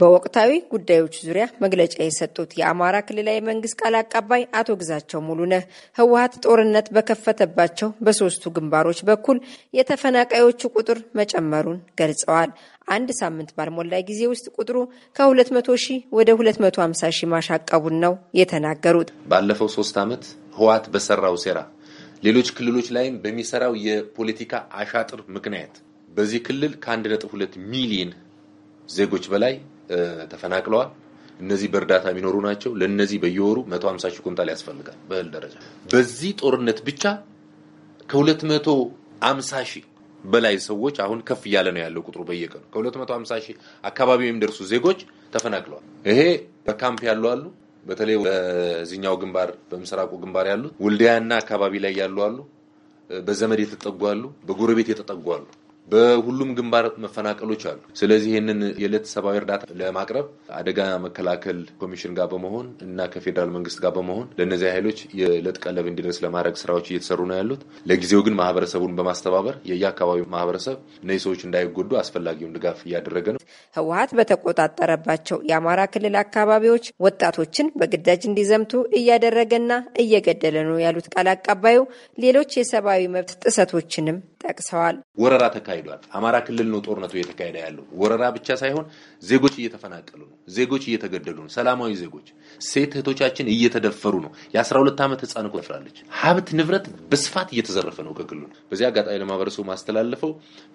በወቅታዊ ጉዳዮች ዙሪያ መግለጫ የሰጡት የአማራ ክልላዊ መንግስት ቃል አቀባይ አቶ ግዛቸው ሙሉነህ ህወሀት ጦርነት በከፈተባቸው በሶስቱ ግንባሮች በኩል የተፈናቃዮቹ ቁጥር መጨመሩን ገልጸዋል። አንድ ሳምንት ባልሞላ ጊዜ ውስጥ ቁጥሩ ከ200 ሺህ ወደ 250 ሺህ ማሻቀቡን ነው የተናገሩት። ባለፈው ሶስት ዓመት ህወሀት በሰራው ሴራ ሌሎች ክልሎች ላይም በሚሰራው የፖለቲካ አሻጥር ምክንያት በዚህ ክልል ከ1.2 ሚሊዮን ዜጎች በላይ ተፈናቅለዋል። እነዚህ በእርዳታ የሚኖሩ ናቸው። ለእነዚህ በየወሩ 150 ሺህ ኩንታል ያስፈልጋል በእህል ደረጃ። በዚህ ጦርነት ብቻ ከ250 ሺህ በላይ ሰዎች አሁን ከፍ እያለ ነው ያለው ቁጥሩ በየቀኑ ከ250 ሺህ አካባቢ የሚደርሱ ዜጎች ተፈናቅለዋል። ይሄ በካምፕ ያሉ አሉ። በተለይ በዚህኛው ግንባር በምስራቁ ግንባር ያሉት ወልዲያና አካባቢ ላይ ያሉ አሉ። በዘመድ የተጠጉ አሉ። በጎረቤት የተጠጉ አሉ። በሁሉም ግንባር መፈናቀሎች አሉ። ስለዚህ ይህንን የዕለት ሰብአዊ እርዳታ ለማቅረብ አደጋ መከላከል ኮሚሽን ጋር በመሆን እና ከፌዴራል መንግስት ጋር በመሆን ለእነዚህ ኃይሎች የዕለት ቀለብ እንዲደርስ ለማድረግ ስራዎች እየተሰሩ ነው ያሉት። ለጊዜው ግን ማህበረሰቡን በማስተባበር የየአካባቢ ማህበረሰብ እነዚህ ሰዎች እንዳይጎዱ አስፈላጊውን ድጋፍ እያደረገ ነው። ህወሀት በተቆጣጠረባቸው የአማራ ክልል አካባቢዎች ወጣቶችን በግዳጅ እንዲዘምቱ እያደረገና እየገደለ ነው ያሉት ቃል አቀባዩ ሌሎች የሰብአዊ መብት ጥሰቶችንም ጠቅሰዋል። ወረራ ተካሂዷል። አማራ ክልል ነው ጦርነቱ እየተካሄደ ያለው። ወረራ ብቻ ሳይሆን ዜጎች እየተፈናቀሉ ነው። ዜጎች እየተገደሉ ነው። ሰላማዊ ዜጎች፣ ሴት እህቶቻችን እየተደፈሩ ነው። የአስራ የ12 ዓመት ህፃን እኮ ደፍራለች። ሀብት ንብረት በስፋት እየተዘረፈ ነው ከክልሉ። በዚህ አጋጣሚ ለማህበረሰቡ ማስተላለፈው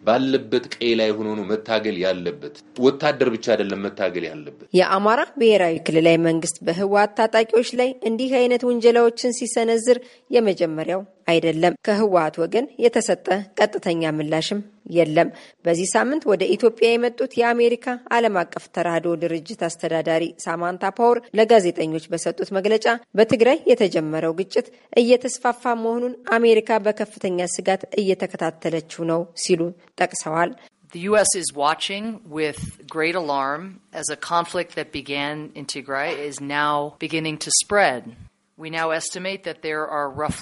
ባለበት ቀይ ላይ ሆኖ ነው መታገል ያለበት። ወታደር ብቻ አይደለም መታገል ያለበት። የአማራ ብሔራዊ ክልላዊ መንግስት በህወሓት ታጣቂዎች ላይ እንዲህ አይነት ውንጀላዎችን ሲሰነዝር የመጀመሪያው አይደለም። ከህወሀት ወገን የተሰጠ ቀጥተኛ ምላሽም የለም። በዚህ ሳምንት ወደ ኢትዮጵያ የመጡት የአሜሪካ ዓለም አቀፍ ተራድኦ ድርጅት አስተዳዳሪ ሳማንታ ፓወር ለጋዜጠኞች በሰጡት መግለጫ በትግራይ የተጀመረው ግጭት እየተስፋፋ መሆኑን አሜሪካ በከፍተኛ ስጋት እየተከታተለችው ነው ሲሉ ጠቅሰዋል። The U.S. is watching with great alarm as a conflict that began in Tigray is now beginning to spread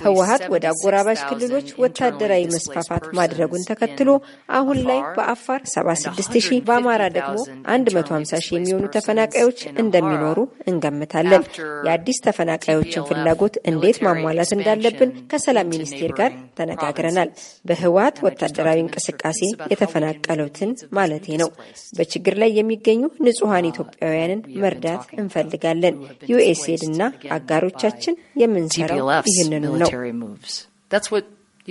ህወሀት ወደ አጎራባሽ ክልሎች ወታደራዊ መስፋፋት ማድረጉን ተከትሎ አሁን ላይ በአፋር 76 ሺህ በአማራ ደግሞ 150 ሺህ የሚሆኑ ተፈናቃዮች እንደሚኖሩ እንገምታለን። የአዲስ ተፈናቃዮችን ፍላጎት እንዴት ማሟላት እንዳለብን ከሰላም ሚኒስቴር ጋር ተነጋግረናል። በህወሀት ወታደራዊ እንቅስቃሴ የተፈናቀሉትን ማለቴ ነው። በችግር ላይ የሚገኙ ንጹሐን uh, ኢትዮጵያውያንን መርዳት እንፈልጋለን። ዩኤስኤድ እና አጋሮቻችን ስራችን የምንሰራው ይህንን ነው።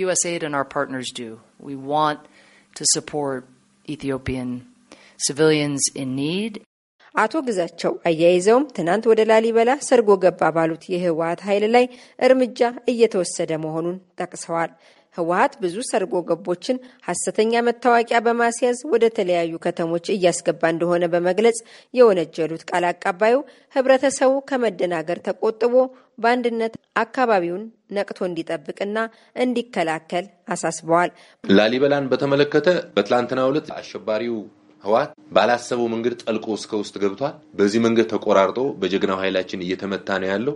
USAID and our partners do. We want to support Ethiopian civilians in need. አቶ ግዛቸው አያይዘውም ትናንት ወደ ላሊበላ ሰርጎ ገባ ባሉት የህወሀት ኃይል ላይ እርምጃ እየተወሰደ መሆኑን ጠቅሰዋል። ህወሀት ብዙ ሰርጎ ገቦችን ሀሰተኛ መታወቂያ በማስያዝ ወደ ተለያዩ ከተሞች እያስገባ እንደሆነ በመግለጽ የወነጀሉት ቃል አቀባዩ ህብረተሰቡ ከመደናገር ተቆጥቦ በአንድነት አካባቢውን ነቅቶ እንዲጠብቅና እንዲከላከል አሳስበዋል። ላሊበላን በተመለከተ በትላንትናው ዕለት አሸባሪው ህወሀት ባላሰበው መንገድ ጠልቆ እስከ ውስጥ ገብቷል። በዚህ መንገድ ተቆራርጦ በጀግናው ኃይላችን እየተመታ ነው ያለው።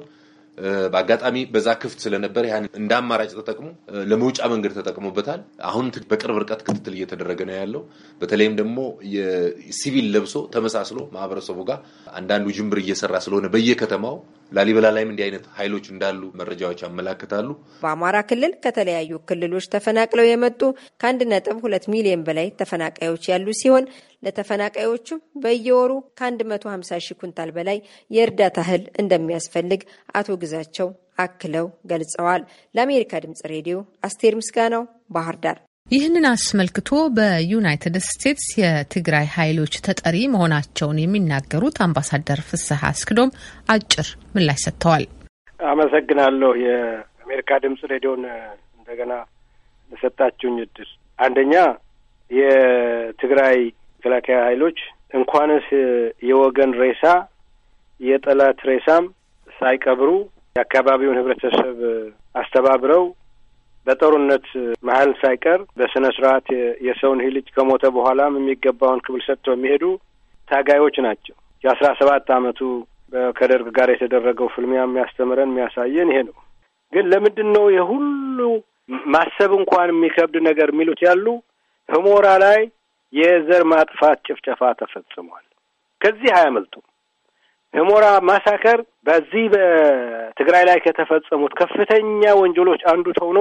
በአጋጣሚ በዛ ክፍት ስለነበር ያን እንደ አማራጭ ተጠቅሞ ለመውጫ መንገድ ተጠቅሞበታል። አሁን በቅርብ ርቀት ክትትል እየተደረገ ነው ያለው። በተለይም ደግሞ የሲቪል ለብሶ ተመሳስሎ ማህበረሰቡ ጋር አንዳንዱ ጅምር እየሰራ ስለሆነ በየከተማው ላሊበላ ላይም እንዲህ አይነት ኃይሎች እንዳሉ መረጃዎች ያመላክታሉ። በአማራ ክልል ከተለያዩ ክልሎች ተፈናቅለው የመጡ ከአንድ ነጥብ ሁለት ሚሊዮን በላይ ተፈናቃዮች ያሉ ሲሆን ለተፈናቃዮቹም በየወሩ ከ150 ሺህ ኩንታል በላይ የእርዳታ እህል እንደሚያስፈልግ አቶ ግዛቸው አክለው ገልጸዋል። ለአሜሪካ ድምጽ ሬዲዮ አስቴር ምስጋናው ባህር ዳር ይህንን አስመልክቶ በዩናይትድ ስቴትስ የትግራይ ኃይሎች ተጠሪ መሆናቸውን የሚናገሩት አምባሳደር ፍስሐ አስክዶም አጭር ምላሽ ሰጥተዋል። አመሰግናለሁ የአሜሪካ ድምጽ ሬዲዮን እንደገና ለሰጣችሁኝ እድል። አንደኛ የትግራይ መከላከያ ኃይሎች እንኳንስ የወገን ሬሳ የጠላት ሬሳም ሳይቀብሩ የአካባቢውን ህብረተሰብ አስተባብረው በጦርነት መሀል ሳይቀር በስነ ስርዓት የሰውን ልጅ ከሞተ በኋላም የሚገባውን ክብል ሰጥተው የሚሄዱ ታጋዮች ናቸው። የአስራ ሰባት አመቱ ከደርግ ጋር የተደረገው ፍልሚያ የሚያስተምረን የሚያሳየን ይሄ ነው። ግን ለምንድን ነው የሁሉ ማሰብ እንኳን የሚከብድ ነገር የሚሉት ያሉ ህሞራ ላይ የዘር ማጥፋት ጭፍጨፋ ተፈጽሟል። ከዚህ አያመልጡም። ህሞራ ማሳከር በዚህ በትግራይ ላይ ከተፈጸሙት ከፍተኛ ወንጀሎች አንዱ ተሆኖ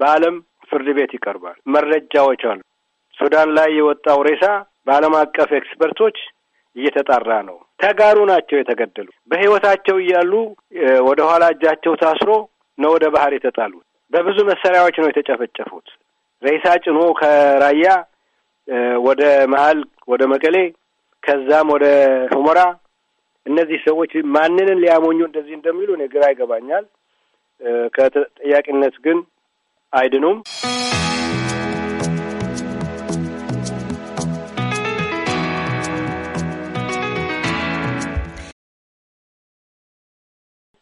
በዓለም ፍርድ ቤት ይቀርባል። መረጃዎች አሉ። ሱዳን ላይ የወጣው ሬሳ በዓለም አቀፍ ኤክስፐርቶች እየተጣራ ነው። ተጋሩ ናቸው የተገደሉ። በህይወታቸው እያሉ ወደ ኋላ እጃቸው ታስሮ ነው ወደ ባህር የተጣሉት። በብዙ መሳሪያዎች ነው የተጨፈጨፉት። ሬሳ ጭኖ ከራያ ወደ መሀል ወደ መቀሌ ከዛም ወደ ሁመራ። እነዚህ ሰዎች ማንንን ሊያሞኙ እንደዚህ እንደሚሉ እኔ ግራ ይገባኛል። ከተጠያቂነት ግን አይድኑም።